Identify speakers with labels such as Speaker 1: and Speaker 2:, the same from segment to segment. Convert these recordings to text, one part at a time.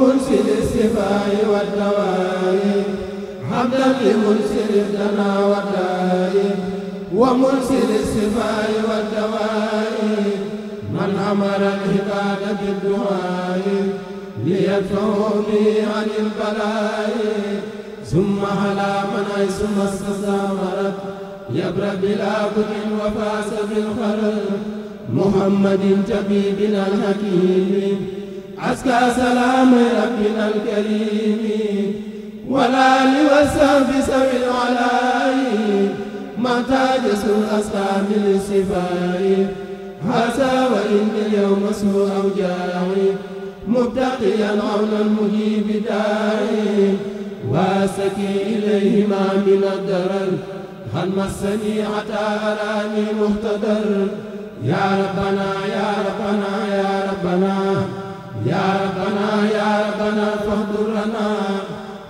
Speaker 1: مرسل الشفاء والدواء حمدا لمرسل الدنا والداء ومرسل الشفاء والدواء من أمر العباد بالدعاء
Speaker 2: ليدفعوا
Speaker 1: به عن البلاء ثم على من ثم استثمرت يبرأ بلا بد وفاز بالخرج محمد طبيبنا الحكيم أزكى سلام ربنا الكريم ولا لوسف سوي العلاء ما تاج سوء أزكى من الصفاء هذا وإن اليوم سوء أوجاعي مبتقيا عون المجيب داعي واسكي إليهما من الدرر هل مسني عتى أراني مهتدر يا ربنا يا ربنا يا ربنا, يا ربنا yaa rabbana yaa rabbana fahdur lana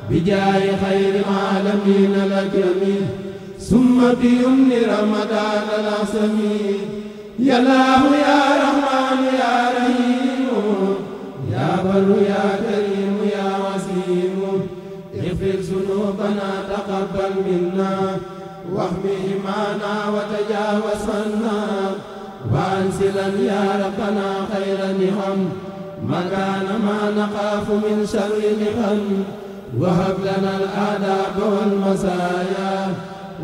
Speaker 1: bi jaayi xayri aalamiin al akramin summa bi yumni ramadan al asamin yaa laahu yaa rahmaan yaa rahiimu yaa barru yaa kariimu yaa wasiimu igfir zunubana taqabbal minna wahmi himaana wa tajaawaz anna wa ansilan yaa rabbana xayra niham مكان ما نخاف من شر محن وهب لنا الآداب والمسايا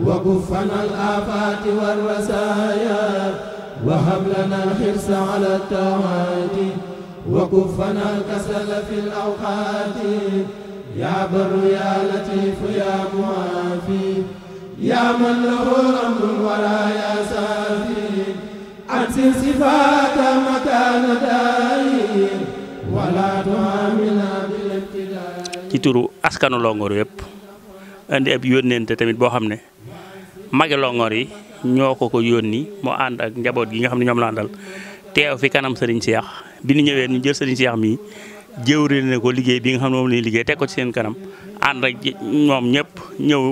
Speaker 1: وكفنا الآفات والرسايا وهب لنا الحرص على التواتي وكفنا الكسل في الأوقات يا بر يا لطيف يا معافي يا من له أمر ولا يا سافي أنزل صفات مكان دائم
Speaker 2: ci turu askanu Longhor yëpp indi ab yónnente tamit boo xam ne magi longoor yi ñoo ko ko yónni moo ànd ak njaboot gi nga xam ne ñoom la àndal teew fi kanam Serigne Cheikh bi ñu ñëwee jël Serigne Cheikh mii jëwri ne ko liggéey bi nga xam ne moom la liggéey teg ci seen kanam ànd ñoom ñëpp ñëw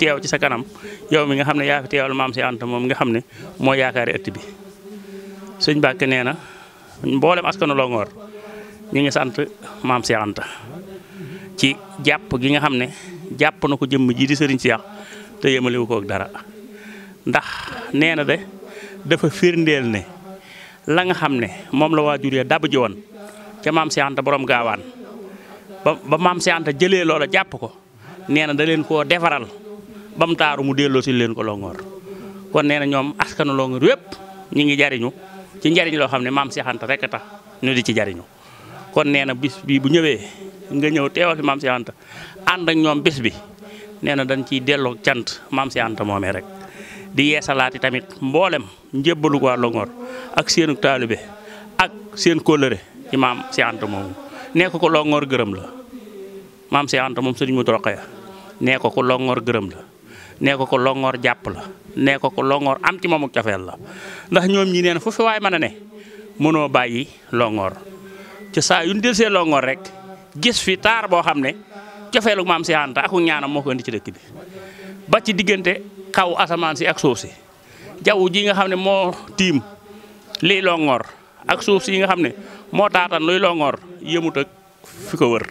Speaker 2: teew ci sa kanam yow mi nga xam ne yaa fi teewal maam si ànd moom nga xam ne moo yaakaari ëtt bi sëñ Mbàkke nee na mboolem askanu longoor ñu ngi sant maam Cheikh Anta ci jàpp gi nga xam ne jàpp na ko jëmm jii di sëriñ Cheikh te yemalewu kook dara ndax nee na de dafa firndeel ne la nga xam ne moom la waajur ya dab ji woon ca maam Cheikh Anta borom gaawaan ba ba maam Cheikh Anta jëlee loola jàpp ko nee na da leen koo defaral ba mu taaru mu delloo si leen ko Longhor kon nee na ñoom askanu Longhor yépp ñu ngi jariñu ci njariñ loo xam ne maam Cheikh Anta rek tax ñu di ci jariñu kon nee na bis bi bu ñëwee nga ñëw teewal fi maam Cheikh Anta ànd ak ñoom bis bi nee na dañ ciy delloo cant maam Cheikh Anta moomee rek. di yeesalaati tamit mboolem njébbalu waa Longhor ak seenu taalibe ak seen kóllëre ci maam Cheikh Anta moomu nee ko ko Longhor gërëm la maam Cheikh Anta moom sëriñ mu Rokhaya nee ko ko Longhor gërëm la. nee ko ko Longhor jàpp la nee ko ko Longhor am ci moom ak cofeel la ndax ñoom ñi nee fu fi waay mën ne mënoo bàyyi Longhor ci saa yu ñu del see longoor rek gis fi taar boo xam ne cofeelu maam Seex Anta aku ñaanam moo ko indi ci dëkk bi ba ci diggante kaw asamaan si ak suuf si jaww ji nga xam ne moo tiim liy longoor ak suuf si nga xam ne moo taatan luy longoor yëmut fi ko wër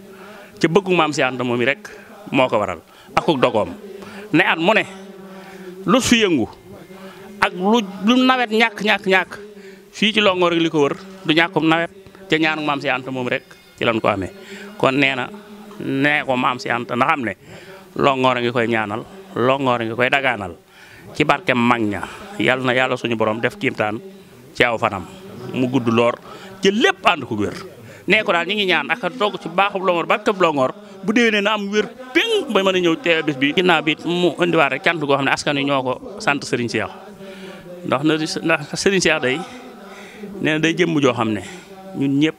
Speaker 2: ci bëggu maam Seex Anta moom yi rek moo ko waral aku dogoom ne at mu ne lu fi yëngu ak lu lu nawet ñàkk ñàkk ñàkk fii ci longoor ak li ko wër du ñàkkum nawet ca ñaanu maam si Anta moom rek ci lañ ko amee kon nee na nee ko maam si Anta na xam ne Longoor a ngi koy ñaanal Longoor a ngi koy dagaanal ci barke mag ña yàlla na yàlla suñu borom def kiimtaan ci aw fanam mu gudd loor ci lépp ànd ko wér. nee ko daal ñu ngi ñaan ak a doog ci baaxub Longoor barkeb Longoor bu déwénee na am wér péng ba mën a ñëw te bis bi. ginnaaw bi mu indiwaat rek cant goo xam ne askan wi ñoo ko sant Serigne Cheikh ndax na ndax Serigne ñun ñëpp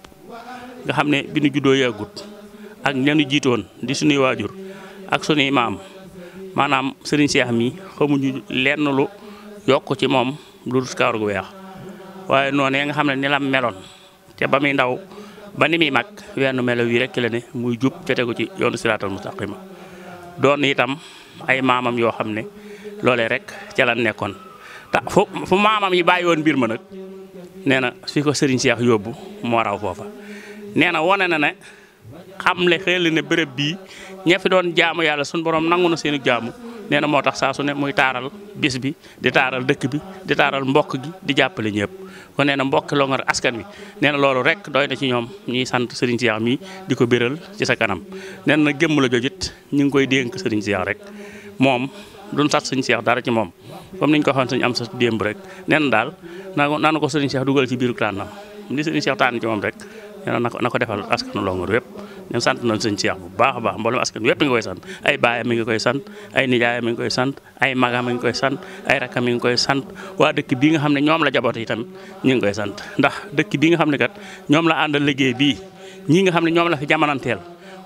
Speaker 2: nga xam ne bi nu juddoo yàggut ak ñanu jiitoon di suñuy waajur ak suñuy maam maanaam sëriñ Cheikh mi xamuñu lenn lu yokk ci moom lu dul kawar gu weex waaye noonee nga xam ne ni la meloon te ba muy ndaw ba ni muy mag wenn melo yi rek la muy jub te tegu ci yoonu siraatal mustaqima doon itam ay maamam yoo xam ne loolee rek ca la nekkoon te fu maamam yi bàyyi woon mbir ma nag nee na fi ko sëriñ Cheikh yóbbu moo raw foofa nee na wane na ne xam le xel ne bërëb bii ña doon jaamu yàlla suñu borom nangu na seenu jaamu nee na moo tax saa su ne muy taaral bis bi di taaral dëkk bi di taaral mbokk gi di jàppale ñëpp kon nee na mbokk Longhor askan wi nee na loolu rek doy na ci ñoom ñuy sant sëriñ Cheikh mii di ko béral ci sa kanam nee na gëmm la jojit ñu ngi koy dénk sëriñ Cheikh rek moom duñ sax sëñ Cheikh dara ci moom comme niñ ko waxoon sëñ sa démb rek nen daal naa naa na ko sëriñ Cheikh dugal ci biiru tànnam li sëriñ Cheikh tànn ci moom rek nee na ko na ko defal askanu Longhor wépp ñun sant nañ sëñ Cheikh bu baax a baax mboolem askan wépp nga koy sant ay baayam mi ngi koy sant ay nijaayam mi ngi koy sant ay magam mi koy sant ay rakkam mi koy sant waa dëkk bii nga xam ne ñoom la jaboot yi tamit ñu ngi koy sant ndax dëkk bii nga xam ne kat ñoom la àndal liggéey bii ñii nga xam ne ñoom la fi jamonanteel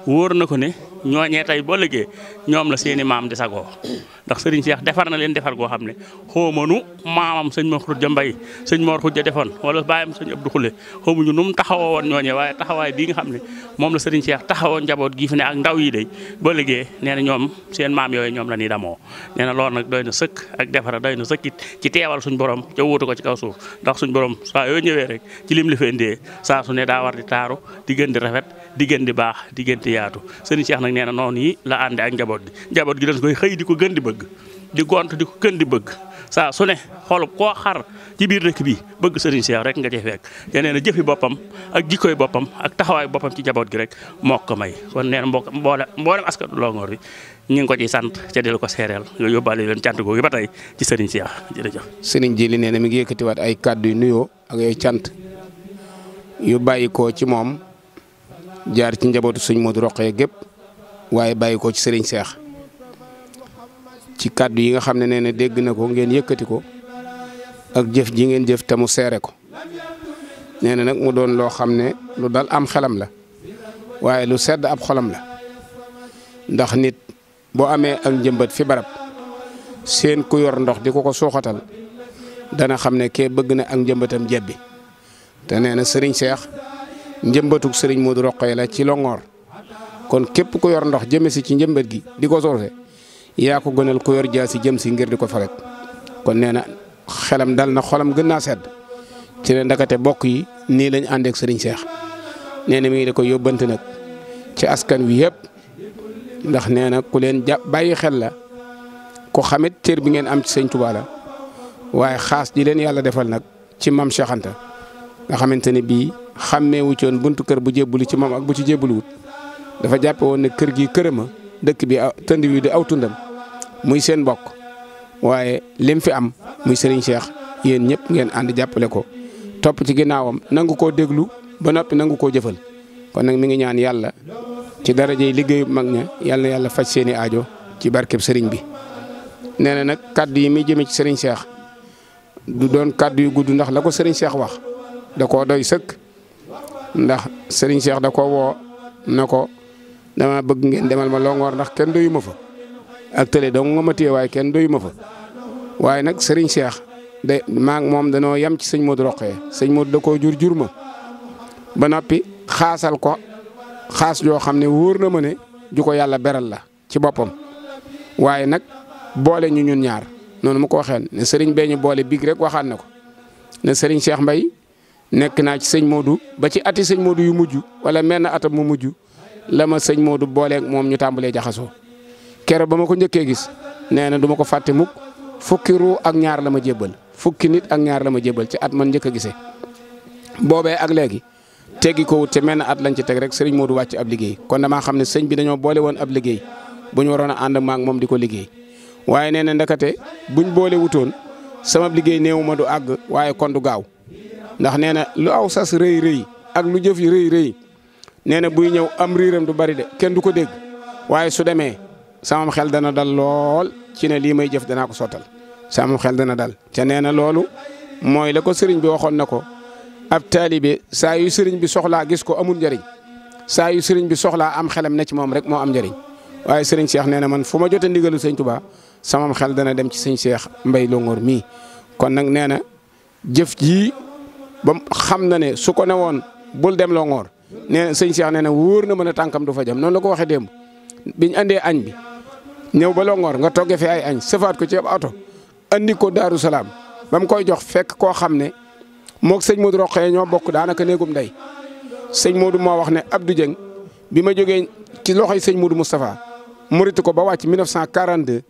Speaker 2: wóor na ko ñooñee tey boo liggéey ñoom la seeni maam di sagoo ndax sëriñ Cheikh defar na leen defar goo xam ne xóomanu maamam sëñ Mor Xujja Mbay sëñ Mor Xujja defoon wala bàyyam sëñ Abdou Xule xamuñu nu mu taxawoo woon ñooñee waaye taxawaay bii nga xam ne moom la sëriñ Cheikh taxawoo njaboot gi fi ne ak ndaw yi de boo liggéey nee ñoom seen maam yooyu ñoom la ñuy damoo nee na loolu nag doy na sëkk ak defara doy na sëkkit ci teewal suñ borom ca wuutu ko ci kaw suuf ndax suñ borom saa yoo ñëwee rek ci lim li fi indee saa su ne daa war di taaru di gën di gën di baax di gën nag nee na noonu yi la ànd ak njaboot gi njaboot gi dañ koy xëy di ko gën di bëgg di gont di ko gën di bëgg saa su ne xolub koo xar ci biir dëkk bi bëgg sëriñ Cheikh rek nga cay fekk te nee na jëfi boppam ak jikkooy ak taxawaay boppam ci njaboot gi rek moo ko may kon nee na mbokk mboole mboolem askan bi ñu ngi ko ciy sant ca di la ko seereel nga yóbbaale leen cant googu ba tey ci sëriñ Cheikh jërëjëf.
Speaker 3: sëriñ ji li nee mi ngi yëkkatiwaat ay kàddu yu nuyoo ak ay cant yu bàyyi ko ci moom jaar ci njabootu suñ Modou Rokhaya gépp waaye bàyyi ko ci sëriñ Seex ci kàddu yi nga xam ne nee na dégg na ko ngeen yëkkati ko ak jëf ji ngeen jëf te seere ko nee na nag mu doon loo xam ne lu dal am xelam la waaye lu sedd ab xolam la ndax nit boo amee ak njëmbat fi barab seen ku yor ndox di ko ko suuxatal dana xam ne kee bëgg na ak njëmbatam jebbi te nee na sëriñ Seex njëmbatuk sëriñ moo du Rokhaya la ci Longoor kon képp ku yor ndox jëme si ci njëmbat gi di ko soose yaa ko gënal ku yor si jëm si ngir di ko faret kon nee na xelam dal na xolam gën naa sedd ci ne ndakate bokk yi nii lañu àndeek sëriñ Seex nee na mi ngi di ko yóbbante nag ci askan wi yëpp ndax nee na ku leen jàpp bàyyi xel la ku xamit téer bi ngeen am ci sëñ waaye xaas di leen yàlla defal nag ci mam Cheikh nga xamante ne bii xàmmee wu coon buntu kër bu jébbuli ci mam ak bu ci jébbuliwut dafa jàppe woon ne kër gi kërëma dëkk bi tënd wi di aw tundam muy seen mbokk waaye lim fi am muy sëriñ Cheikh yéen ñëpp ngeen ànd jàppale ko topp ci ginnaawam nangu koo déglu ba noppi nangu koo jëfal kon nag mi ngi ñaan yàlla ci dara darajey liggéeyu mag ña yàlla na yàlla faj seeni aajo ci barkeb sëriñ bi. nee na nag kaddu yi muy jëmee ci Serigne Cheikh du doon kaddu yu gudd ndax la ko sëriñ Cheikh wax da koo doy sëkk ndax Serigne Cheikh da ko woo na ko dama bëgg ngeen demal ma Longhor ndax kenn doyu ma fa ak tële dong nga waaye kenn doyu ma fa waaye nag sëriñ Cheikh de maag moom danoo yem ci sëñ Modou Roqee sëñ Modou da ko jur jur ma ba noppi xaasal ko xaas joo xam ne wóor na ma ne ju ko yàlla beral la ci boppam waaye nag boole ñu ñun ñaar noonu mu ko waxee ne sëriñ bee ñu boole biig rek waxaan na ko ne sëriñ Cheikh mbay nekk naa ci sëñ moodu ba ci ati sëñ moodu yu mujj wala menn atam mu mujj la ma sëñ Modou booleeg moom ñu tàmbalee jaxasoo keroog ba ma ko njëkkee gis nee na du ma ko fàtte mukk fukki ruu ak ñaar la ma jébbal fukki nit ak ñaar la ma jébbal ci at man njëkk a gisee. boobee ak léegi teggi ko wut te mel na at lañ ci teg rek sëriñ du wàcc ab liggéey kon damaa xam ne sëñ bi dañoo boole woon ab liggéey bu ñu waroon a ànd maak moom di ko liggéey waaye nee na ndakate buñ boole wutoon sama liggéey neewu ma du àgg waaye kon du gaaw ndax nee na lu aw sas ak lu jëf yi rëy nee na buy ñëw am riiram du bari de kenn du ko dégg waaye su demee sama xel dana dal lool ci ne lii may jëf danaa ko sottal sama xel dana dal te nee na loolu mooy la ko sëriñ bi waxoon na ko ab taalibe saa yu sëriñ bi soxlaa gis ko amul njëriñ saa yu sëriñ bi soxlaa am xelam ne ci moom rek moo am njariñ waaye sëriñ seex nee na man fu ma jotee ndigalu sëñ Touba sama xel dana dem ci sëñ Cheikh Mbaye Longoor mii kon nag nee na jëf jii ba xam na ne su ko newoon bul dem Longoor nee sëñ Cheikh nee wóor na mën a tànkam du fa jam noonu la ko waxee démb biñ andee añ bi ñëw ba Longoor nga toggee fi ay añ sëfaat ko ci ab oto andi ko Daaru Salaam ba mu koy jox fekk koo xam ne moo sëñ mut Roqee ñoo bokk daanaka néegum ndey sëñ Modou moo wax ne Abdou Dieng bi ma jógee ci loxoy sëñ Modou Moustapha muritu ko ba wàcc 1942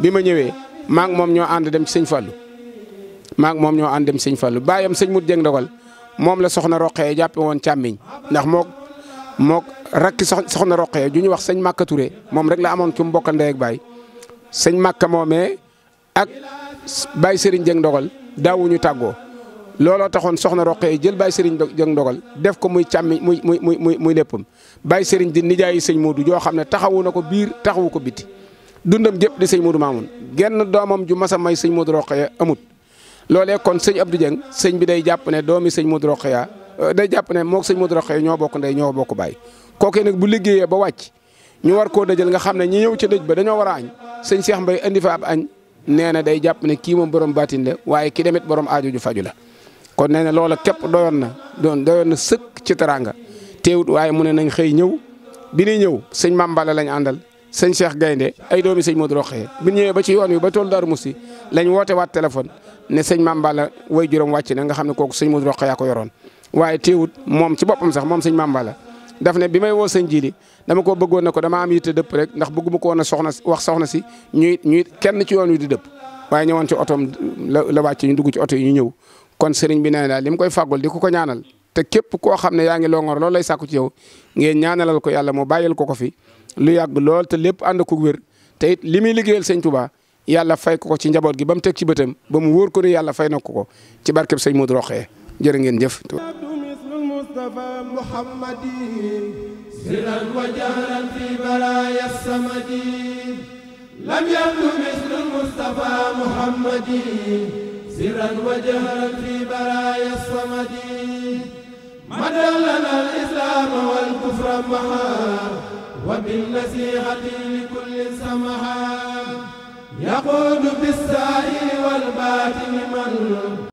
Speaker 3: bi ma ñëwee maa ngi moom ñoo ànd dem ci sëñ Fallou maa moom ñoo ànd dem ci sëñ Fallou baayam sëñ Modou Dieng dogal moom la soxna Roqee jàppe woon càmmiñ ndax mook mook rakki soxna roq Roqee ju ñu wax sëñ Màkka Touré moom rek la amoon ci mu bokkal ndey ak baay sëñ Màkka moomee ak bàyyi Serigne Jëng Ndogal daawuñu tàggoo looloo taxoon soxna Roqee jël Baye Serigne Jëng Ndogal def ko muy càmmiñ muy muy muy muy muy léppam Baye Serigne di nijaayi sëñ Moodu joo xam ne taxawu na ko biir taxawu ko biti dundam jëpp di sëñ Moodu Maamun genn doomam ju mas a may sëñ Moodu Roqee amut. loole kon sëñ Abdou Dieng sëñ bi day jàpp ne doomi sëñ Modou ya euh, day jàpp ne moo sëñ Modou Rokhaya ñoo bokk ndey ñoo bokk baay kookee nag bu liggéeyee ba wàcc ñu war koo dëjal nga xam ne ñi ñëw ca dëj ba dañoo war añ sëñ Cheikh mbay indi fa ab añ nee na day jàpp ne kii moom borom baatin waaye ki demit borom aajo ju faju la kon nee na loola képp doyoon na doon doyoon na sëkk ci teraanga teewut waaye mu ne nañ xëy ñëw bi ñuy ñëw sëñ Mambala lañ àndal sëñ Cheikh Gaynde ay doomi sëñ Modou Rokhaya bi ñëwee ba ci yoon wi ba tool Darou Moussi lañ woote waat téléphone ne sëñ Mame Balla way juróom wàcc na nga xam ne kooku sëñ Modou Rokhaya ko yoroon waaye teewut moom ci boppam sax moom sëñ Mame Balla daf ne bi may woo sëñ Jili dama ko bëggoon na ko dama am yitte dëpp rek ndax bëgguma ko woon a soxna wax soxna si ñuy ñuy kenn ci yoon wi di dëpp waaye ñëwoon ci otoom la la wàcc ñu dugg ci oto yi ñu ñëw kon sëriñ bi nee daal li mu koy fàggul di ko ko ñaanal te képp koo xam ne yaa ngi longoor loolu lay sàkku ci yow ngeen ñaanalal ko yàlla moo bàyyil ko ko fi lu yàgg lool te lépp ànd ko wér te it li muy liggéeyal sëñ Touba yàlla fay ko ko ci njaboot gi ba mu teg ci bëtam ba mu wóor ko ni yàlla fay na ko ko ci barkeb sëñ Modou Rokhaya jërë ngeen jëf.
Speaker 1: سرا وجهرا في بلايا الصمد لم يبدو مثل المصطفى محمد سرا وجهرا في بلايا الصمد مدى لنا الاسلام والكفر معا وبالنصيحه لكل سمحا يقول بالسائل والباطن من